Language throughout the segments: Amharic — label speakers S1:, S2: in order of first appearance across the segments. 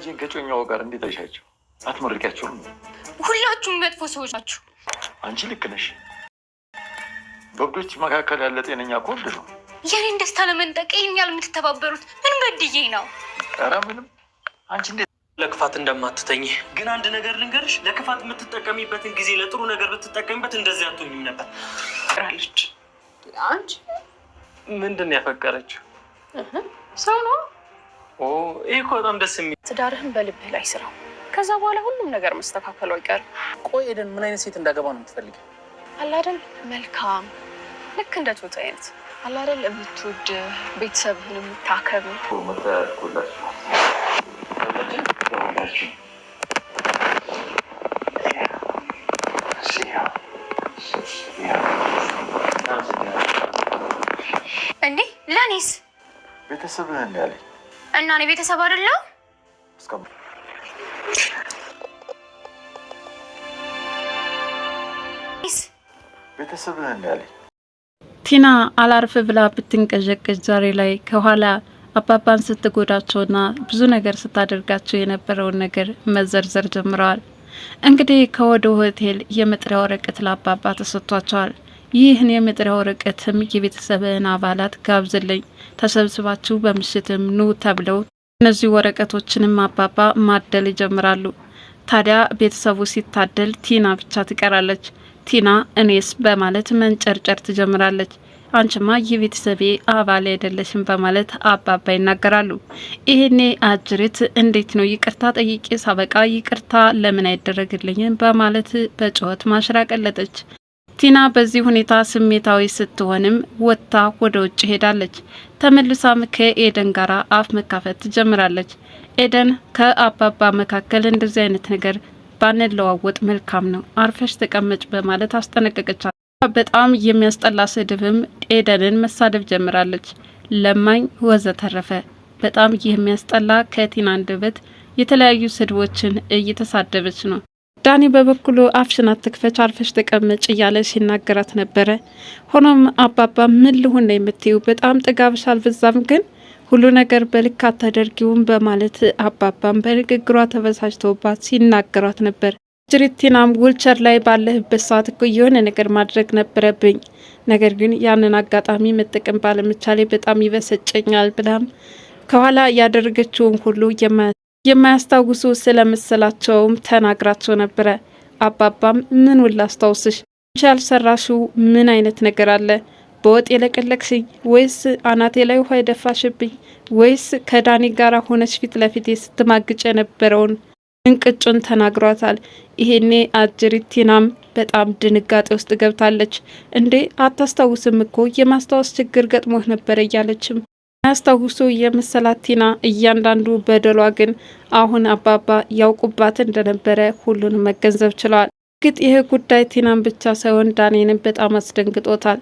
S1: ልጃችን ከጮኛው ጋር እንዴት አይሻቸው? አትመርቂያቸውም? ነው? ሁላችሁም መጥፎ ሰዎች ናችሁ። አንቺ ልክ ነሽ። በብዶች መካከል ያለ ጤነኛ እኮ ነው። የኔን ደስታ ለመንጠቅ ይህን ያህል የምትተባበሩት ምን በድዬ ነው? ኧረ ምንም። አንቺ እንዴት ለክፋት እንደማትተኝ ግን አንድ ነገር ልንገርሽ፣ ለክፋት የምትጠቀሚበትን ጊዜ ለጥሩ ነገር ብትጠቀሚበት እንደዚህ አትሆኝም ነበር። ራለች አንቺ ምንድን ያፈቀረችው ሰው ነው ይህ እኮ በጣም ደስ የሚል ትዳርህን በልብህ ላይ ስራ። ከዛ በኋላ ሁሉም ነገር መስተካከሉ አይቀርም። ቆይ ኤደን ምን አይነት ሴት እንዳገባ ነው የምትፈልገው? አላደል መልካም፣ ልክ እንደ ቱት አይነት አላደል የምትወድ ቤተሰብህን የምታከብ እንዴ ለእኔስ ቤተሰብህን ያለኝ እና እኔ ቤተሰብ አይደለሁ። ቤተሰብ ቲና አላርፍ ብላ ብትንቀዠቀዥ ዛሬ ላይ ከኋላ አባባን ስትጎዳቸውና ብዙ ነገር ስታደርጋቸው የነበረውን ነገር መዘርዘር ጀምረዋል። እንግዲህ ከወደ ሆቴል የመጥሪያ ወረቀት ለአባባ ተሰጥቷቸዋል። ይህን የመጥሪያ ወረቀትም የቤተሰብን አባላት ጋብዝልኝ፣ ተሰብስባችሁ በምሽትም ኑ ተብለው እነዚህ ወረቀቶችንም አባባ ማደል ይጀምራሉ። ታዲያ ቤተሰቡ ሲታደል ቲና ብቻ ትቀራለች። ቲና እኔስ በማለት መንጨርጨር ትጀምራለች። አንችማ የቤተሰቤ አባል አይደለሽም በማለት አባባ ይናገራሉ። ይህኔ አጅሬት እንዴት ነው ይቅርታ ጠይቄ ሳበቃ ይቅርታ ለምን አይደረግልኝም በማለት በጩኸት ማሽራቀለጠች። ቲና በዚህ ሁኔታ ስሜታዊ ስትሆንም ወጥታ ወደ ውጭ ሄዳለች። ተመልሳም ከኤደን ጋር አፍ መካፈት ትጀምራለች። ኤደን ከአባባ መካከል እንደዚህ አይነት ነገር ባንለዋወጥ መልካም ነው፣ አርፈሽ ተቀመጭ በማለት አስጠነቀቀቻት። በጣም የሚያስጠላ ስድብም ኤደንን መሳደብ ጀምራለች። ለማኝ ወዘተረፈ በጣም የሚያስጠላ ከቲና አንደበት የተለያዩ ስድቦችን እየተሳደበች ነው። ዳኒ በበኩሉ አፍሽን አትክፈች አርፈሽ ተቀመጭ እያለ ሲናገራት ነበረ። ሆኖም አባባ ምን ልሁን ነው የምትዩ? በጣም ጥጋብሽ አልበዛም? ግን ሁሉ ነገር በልክ አታደርጊውም በማለት አባባም በንግግሯ ተበሳጭተውባት ሲናገሯት ነበር። ጅሪቲናም ውልቸር ላይ ባለህበት ሰዓት እኮ የሆነ ነገር ማድረግ ነበረብኝ፣ ነገር ግን ያንን አጋጣሚ መጠቀም ባለመቻሌ በጣም ይበሰጨኛል ብላም ከኋላ ያደረገችውን ሁሉ የማ የማያስታውሱ ስለመሰላቸውም ተናግራቸው ነበረ። አባባም ምኑን አስታውስሽ አንቺ ያልሰራሽው ምን አይነት ነገር አለ? በወጥ የለቀለቅሽኝ ወይስ አናቴ ላይ ውሃ የደፋሽብኝ ወይስ ከዳኒ ጋር ሆነች ፊት ለፊቴ ስትማግጭ የነበረውን እንቅጩን ተናግሯታል። ይሄኔ አጅሪቲናም በጣም ድንጋጤ ውስጥ ገብታለች። እንዴ አታስታውስም እኮ የማስታወስ ችግር ገጥሞህ ነበር እያለችም ያስታውሱ የመሰላት ቲና እያንዳንዱ በደሏ ግን አሁን አባባ ያውቁባት እንደነበረ ሁሉን መገንዘብ ችለዋል። ግጥ ይህ ጉዳይ ቲናን ብቻ ሳይሆን ዳኔንም በጣም አስደንግጦታል።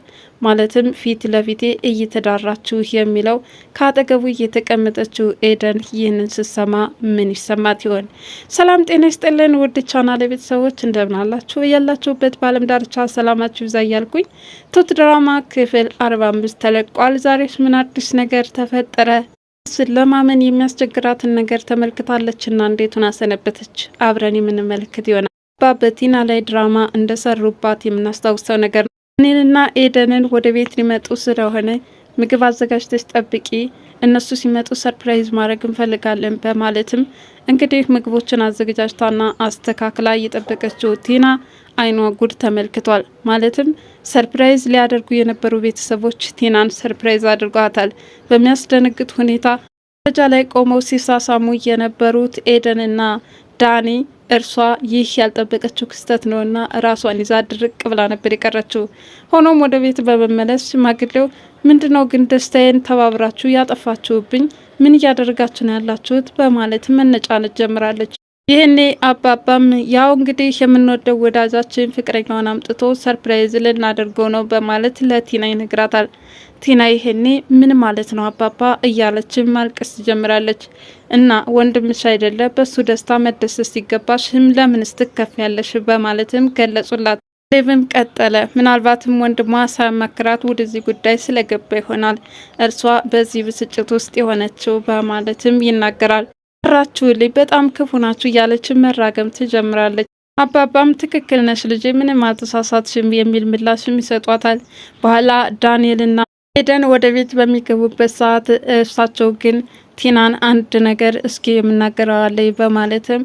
S1: ማለትም ፊት ለፊቴ እየተዳራችሁ የሚለው ከአጠገቡ እየተቀመጠችው ኤደን ይህንን ስሰማ ምን ይሰማት ይሆን? ሰላም ጤና ይስጥልን ውድ ቻናል ቤተሰቦች እንደምናላችሁ ያላችሁበት በዓለም ዳርቻ ሰላማችሁ ይብዛ እያልኩኝ ትሁት ድራማ ክፍል አርባ አምስት ተለቋል። ዛሬስ ምን አዲስ ነገር ተፈጠረ? ለማመን የሚያስቸግራትን ነገር ተመልክታለችና እንዴቱን አሰነበተች? አብረን የምንመለከት ይሆናል። በቲና ላይ ድራማ እንደሰሩባት የምናስታውሰው ነገር ነው። እኔንና ኤደንን ወደ ቤት ሊመጡ ስለሆነ ምግብ አዘጋጅተች ጠብቂ፣ እነሱ ሲመጡ ሰርፕራይዝ ማድረግ እንፈልጋለን በማለትም እንግዲህ ምግቦችን አዘገጃጅታና አስተካክላ እየጠበቀችው ቲና አይኗ ጉድ ተመልክቷል። ማለትም ሰርፕራይዝ ሊያደርጉ የነበሩ ቤተሰቦች ቲናን ሰርፕራይዝ አድርጓታል። በሚያስደነግጥ ሁኔታ ደረጃ ላይ ቆመው ሲሳሳሙ የነበሩት ኤደንና ዳኒ እርሷ ይህ ያልጠበቀችው ክስተት ነውና ራሷን ይዛ ድርቅ ብላ ነበር የቀረችው። ሆኖም ወደ ቤት በመመለስ ሽማግሌው ምንድነው ነው ግን ደስታዬን ተባብራችሁ ያጠፋችሁብኝ? ምን እያደረጋችሁ ነው ያላችሁት? በማለት መነጫነጭ ጀምራለች። ይህኔ አባባም ያው እንግዲህ የምንወደው ወዳጃችን ፍቅረኛውን አምጥቶ ሰርፕራይዝ ልናደርገው ነው በማለት ለቲና ይነግራታል። ቲና ይሄኔ ምን ማለት ነው አባባ እያለችን ማልቀስ ትጀምራለች። እና ወንድምሽ አይደለ በሱ ደስታ መደሰት ሲገባሽ ህም ለምንስ ያለሽ በማለትም ገለጹላት። ሌብም ቀጠለ። ምናልባትም ወንድሟ ሳያማክራት ወደዚህ ጉዳይ ስለገባ ይሆናል እርሷ በዚህ ብስጭት ውስጥ የሆነችው በማለትም ይናገራል። ራችሁልኝ፣ በጣም ክፉ ናችሁ እያለች መራገም ትጀምራለች። አባባም ትክክል ነሽ ልጄ፣ ምንም አልተሳሳትሽም የሚል ምላሽም ይሰጧታል። በኋላ ዳንኤልና ኤደን ወደ ቤት በሚገቡበት ሰዓት እርሳቸው ግን ቲናን አንድ ነገር እስኪ የምናገረዋለይ በማለትም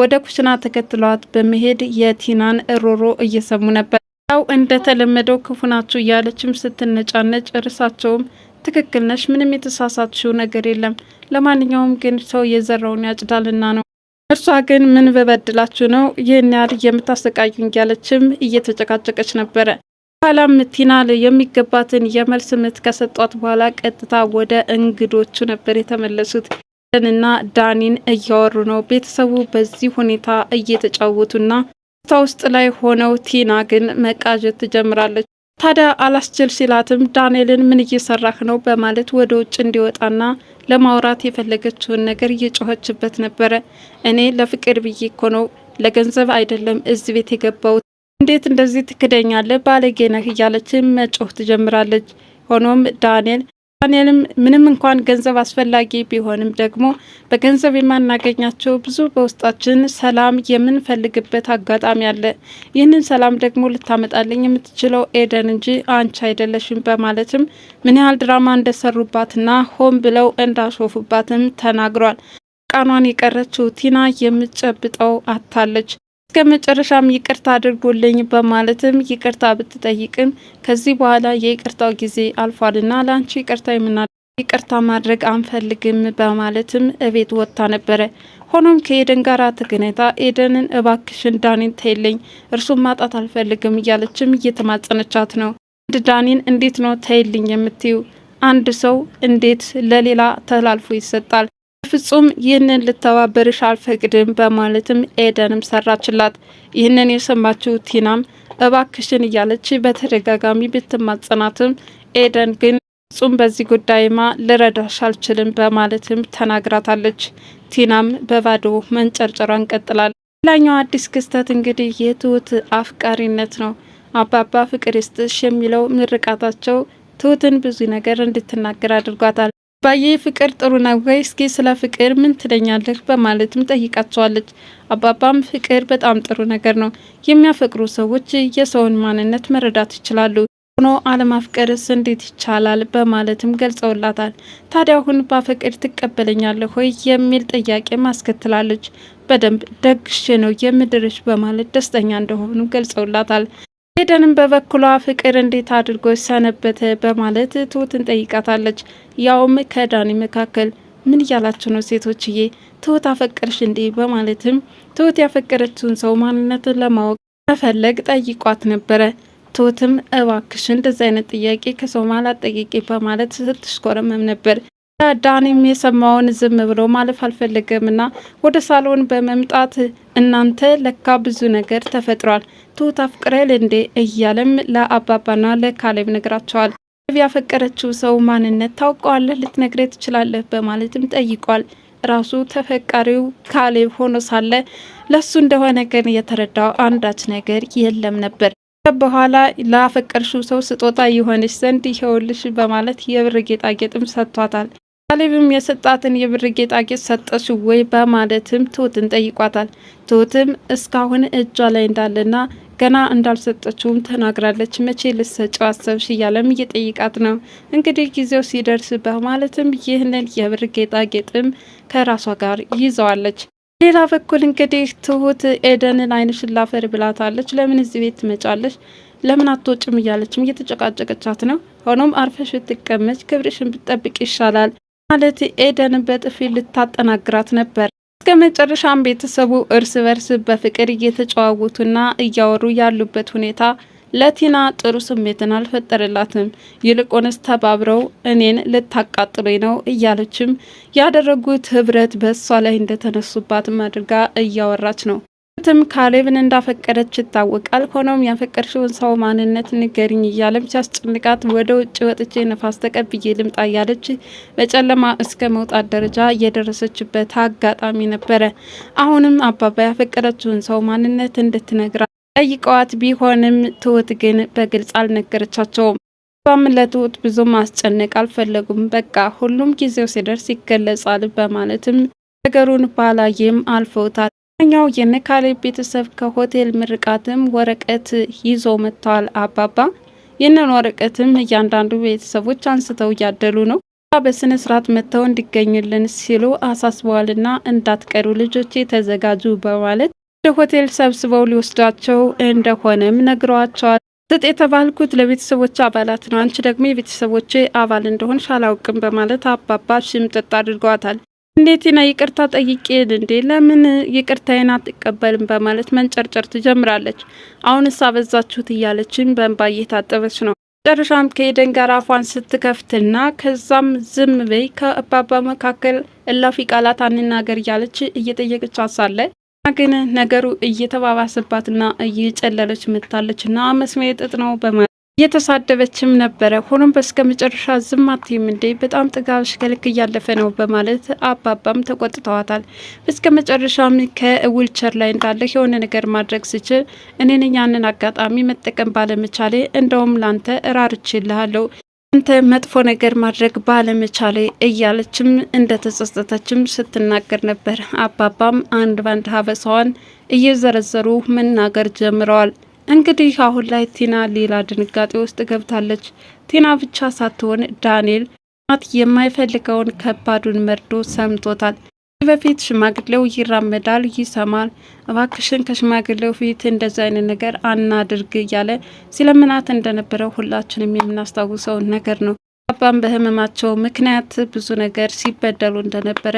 S1: ወደ ኩሽና ተከትለዋት በመሄድ የቲናን ሮሮ እየሰሙ ነበር። ያው እንደተለመደው ክፉናችሁ እያለችም ስትነጫነጭ፣ እርሳቸውም ትክክል ነሽ፣ ምንም የተሳሳትሽው ነገር የለም፣ ለማንኛውም ግን ሰው የዘራውን ያጭዳልና ነው። እርሷ ግን ምን በበድላችሁ ነው ይህን ያህል የምታሰቃዩኝ? እያለችም እየተጨቃጨቀች ነበረ። በኋላም ቲናል የሚገባትን የመልስ ምት ከሰጧት በኋላ ቀጥታ ወደ እንግዶቹ ነበር የተመለሱት። እና ዳኒን እያወሩ ነው። ቤተሰቡ በዚህ ሁኔታ እየተጫወቱና ስታ ውስጥ ላይ ሆነው ቲና ግን መቃዠት ትጀምራለች። ታዲያ አላስችል ሲላትም ዳንኤልን ምን እየሰራህ ነው በማለት ወደ ውጭ እንዲወጣና ለማውራት የፈለገችውን ነገር እየጮኸችበት ነበረ። እኔ ለፍቅር ብዬ እኮ ነው ለገንዘብ አይደለም እዚህ ቤት የገባሁት እንዴት እንደዚህ ትክደኛለህ ባለጌ ነህ እያለች መጮህ ትጀምራለች። ሆኖም ዳንኤል ዳንኤልም ምንም እንኳን ገንዘብ አስፈላጊ ቢሆንም ደግሞ በገንዘብ የማናገኛቸው ብዙ በውስጣችን ሰላም የምንፈልግበት አጋጣሚ አለ። ይህንን ሰላም ደግሞ ልታመጣልኝ የምትችለው ኤደን እንጂ አንቺ አይደለሽም በማለትም ምን ያህል ድራማ እንደሰሩባትና ሆን ብለው እንዳሾፉባትም ተናግሯል። ቃኗን የቀረችው ቲና የምትጨብጠው አታለች። እስከ መጨረሻም ይቅርታ አድርጎልኝ በማለትም ይቅርታ ብትጠይቅም ከዚህ በኋላ የይቅርታው ጊዜ አልፏልና ለአንቺ ይቅርታ የምና ይቅርታ ማድረግ አንፈልግም በማለትም እቤት ወጥታ ነበረ። ሆኖም ከኤደን ጋር ተገናኝታ ኤደንን እባክሽን ዳኒን ተይለኝ፣ እርሱን ማጣት አልፈልግም እያለችም እየተማጸነቻት ነው። አንድ ዳኒን እንዴት ነው ተይልኝ የምትዩ? አንድ ሰው እንዴት ለሌላ ተላልፎ ይሰጣል? ፍጹም ይህንን ልተባበርሽ አልፈቅድም በማለትም ኤደንም ሰራችላት። ይህንን የሰማችው ቲናም እባክሽን እያለች በተደጋጋሚ ብትማጸናትም ኤደን ግን ፍጹም በዚህ ጉዳይማ ልረዳሽ አልችልም በማለትም ተናግራታለች። ቲናም በባዶ መንጨርጨሯን ቀጥላል። ሌላኛው አዲስ ክስተት እንግዲህ የትሁት አፍቃሪነት ነው። አባባ ፍቅር ይስጥሽ የሚለው ምርቃታቸው ትሁትን ብዙ ነገር እንድትናገር አድርጓታል። አባዬ ፍቅር ጥሩ ነው ወይ? እስኪ ስለ ፍቅር ምን ትለኛለህ? በማለትም ጠይቃቸዋለች። አባባም ፍቅር በጣም ጥሩ ነገር ነው። የሚያፈቅሩ ሰዎች የሰውን ማንነት መረዳት ይችላሉ። ሆኖ አለማፍቀርስ እንዴት ይቻላል? በማለትም ገልጸውላታል። ታዲያ አሁን ባፈቅር ትቀበለኛለህ ወይ የሚል ጥያቄ ማስከትላለች። በደንብ ደግሼ ነው የምድርሽ በማለት ደስተኛ እንደሆኑ ገልጸውላታል። ኤደንም በበኩሏ ፍቅር እንዴት አድርጎ ሰነበተ በማለት ትሁትን ጠይቃታለች። ያውም ከዳኒ መካከል ምን እያላችሁ ነው ሴቶችዬ? ትሁት አፈቀርሽ እንዴ? በማለትም ትሁት ያፈቀረችውን ሰው ማንነትን ለማወቅ መፈለግ ጠይቋት ነበረ። ትሁትም እባክሽ እንደዚ አይነት ጥያቄ ከሰው ጠይቄ በማለት ስትሽኮረመም ነበር። ዳኒም የሰማውን ዝም ብሎ ማለፍ አልፈለገም ና ወደ ሳሎን በመምጣት እናንተ ለካ ብዙ ነገር ተፈጥሯል፣ ትሁት አፍቅረል እንዴ እያለም ለአባባና ለካሌብ ነግራቸዋል። ያፈቀረችው ሰው ማንነት ታውቀዋለህ ልትነግረ ትችላለህ በማለትም ጠይቋል። ራሱ ተፈቃሪው ካሌብ ሆኖ ሳለ ለሱ እንደሆነ ግን የተረዳው አንዳች ነገር የለም ነበር። በኋላ ላፈቀርሽው ሰው ስጦታ የሆነች ዘንድ ይኸውልሽ በማለት የብር ጌጣጌጥም ሰጥቷታል። ካሌብም የሰጣትን የብር ጌጣጌጥ ሰጠሽ ወይ በማለትም ትሁትን ጠይቋታል። ትሁትም እስካሁን እጇ ላይ እንዳለና ገና እንዳልሰጠችውም ተናግራለች። መቼ ልሰጨው አሰብሽ እያለም እየጠይቃት ነው። እንግዲህ ጊዜው ሲደርስ በማለትም ይህንን የብር ጌጣጌጥም ከራሷ ጋር ይዘዋለች። ሌላ በኩል እንግዲህ ትሁት ኤደንን ዓይንሽን ላፈር ብላታለች። ለምን እዚህ ቤት ትመጫለች? ለምን አትወጭም? እያለችም እየተጨቃጨቀቻት ነው። ሆኖም አርፈሽ ብትቀመጭ ክብርሽን ብትጠብቅ ይሻላል ማለት ኤደን በጥፊ ልታጠናግራት ነበር። እስከ መጨረሻም ቤተሰቡ እርስ በርስ በፍቅር እየተጨዋወቱና እያወሩ ያሉበት ሁኔታ ለቲና ጥሩ ስሜትን አልፈጠረላትም። ይልቁንስ ተባብረው እኔን ልታቃጥሎ ነው እያለችም ያደረጉት ህብረት በእሷ ላይ እንደተነሱባትም አድርጋ እያወራች ነው። ትም ካሌብን እንዳፈቀረች ይታወቃል። ሆኖም ያፈቀድሽውን ሰው ማንነት ንገሪኝ እያለም ሲያስጨንቃት ወደ ውጭ ወጥቼ ነፋስ ተቀብዬ ልምጣ እያለች በጨለማ እስከ መውጣት ደረጃ የደረሰችበት አጋጣሚ ነበረ። አሁንም አባባ ያፈቀረችውን ሰው ማንነት እንድትነግራት ጠይቀዋት ቢሆንም ትሁት ግን በግልጽ አልነገረቻቸውም። አባም ለትሁት ብዙም ማስጨነቅ አልፈለጉም። በቃ ሁሉም ጊዜው ሲደርስ ይገለጻል በማለትም ነገሩን ባላየም አልፈውታል። ኛው የነካሌብ ቤተሰብ ከሆቴል ምርቃትም ወረቀት ይዞ መጥተዋል። አባባ ይህንን ወረቀትም እያንዳንዱ ቤተሰቦች አንስተው እያደሉ ነው። በስነ ስርዓት መጥተው እንዲገኙልን ሲሉ አሳስበዋልና እንዳትቀሩ ልጆቼ ተዘጋጁ በማለት ወደ ሆቴል ሰብስበው ሊወስዷቸው እንደሆነም ነግረዋቸዋል። ስጥ የተባልኩት ለቤተሰቦች አባላት ነው፣ አንቺ ደግሞ የቤተሰቦቼ አባል እንደሆንሽ አላውቅም በማለት አባባ ሽምጥጥ አድርገዋታል። እንዴት ና ይቅርታ ጠይቄን እንዴ ለምን ይቅርታዬን አትቀበልም? በማለት መንጨርጨር ትጀምራለች። አሁን እሳ በዛችሁት እያለችን በእንባ እየታጠበች ነው። መጨረሻም ከኤደን ጋር አፏን ስትከፍትና ከዛም ዝም በይ ከአባባ መካከል እላፊ ቃላት አንናገር እያለች እየጠየቀች አሳለ ግን ነገሩ እየተባባሰባትና እየጨለለች መጥታለች ና መስሜ ጥጥ ነው በማለት እየተሳደበችም ነበረ። ሆኖም በስከ መጨረሻ ዝም አትይም እንዴ በጣም ጥጋብሽ ከልክ እያለፈ ነው በማለት አባባም ተቆጥተዋታል። በስከ መጨረሻም ከዊልቸር ላይ እንዳለህ የሆነ ነገር ማድረግ ስችል እኔን ያንን አጋጣሚ መጠቀም ባለመቻሌ እንደውም ላንተ እራርችልሃለሁ አንተ መጥፎ ነገር ማድረግ ባለመቻሌ እያለችም እንደተጸጸተችም ስትናገር ነበር። አባባም አንድ ባንድ ሀበሳዋን እየዘረዘሩ መናገር ጀምረዋል። እንግዲህ አሁን ላይ ቲና ሌላ ድንጋጤ ውስጥ ገብታለች። ቲና ብቻ ሳትሆን ዳንኤል ናት የማይፈልገውን ከባዱን መርዶ ሰምቶታል። በፊት ሽማግሌው ይራመዳል፣ ይሰማል። እባክሽን ከሽማግሌው ፊት እንደዚህ አይነት ነገር አናድርግ እያለ ሲለምናት እንደነበረው ሁላችንም የምናስታውሰው ነገር ነው። አባም በህመማቸው ምክንያት ብዙ ነገር ሲበደሉ እንደነበረ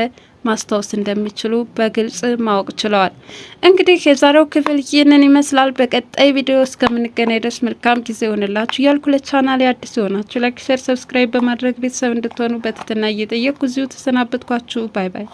S1: ማስታወስ እንደሚችሉ በግልጽ ማወቅ ችለዋል። እንግዲህ የዛሬው ክፍል ይህንን ይመስላል። በቀጣይ ቪዲዮ እስከምንገናኝ ድረስ መልካም ጊዜ ይሆንላችሁ እያልኩ ለቻናል አዲስ የሆናችሁ ላይክ፣ ሸር፣ ሰብስክራይብ በማድረግ ቤተሰብ እንድትሆኑ በትህትና እየጠየቅኩ እዚሁ ተሰናበትኳችሁ። ባይ ባይ።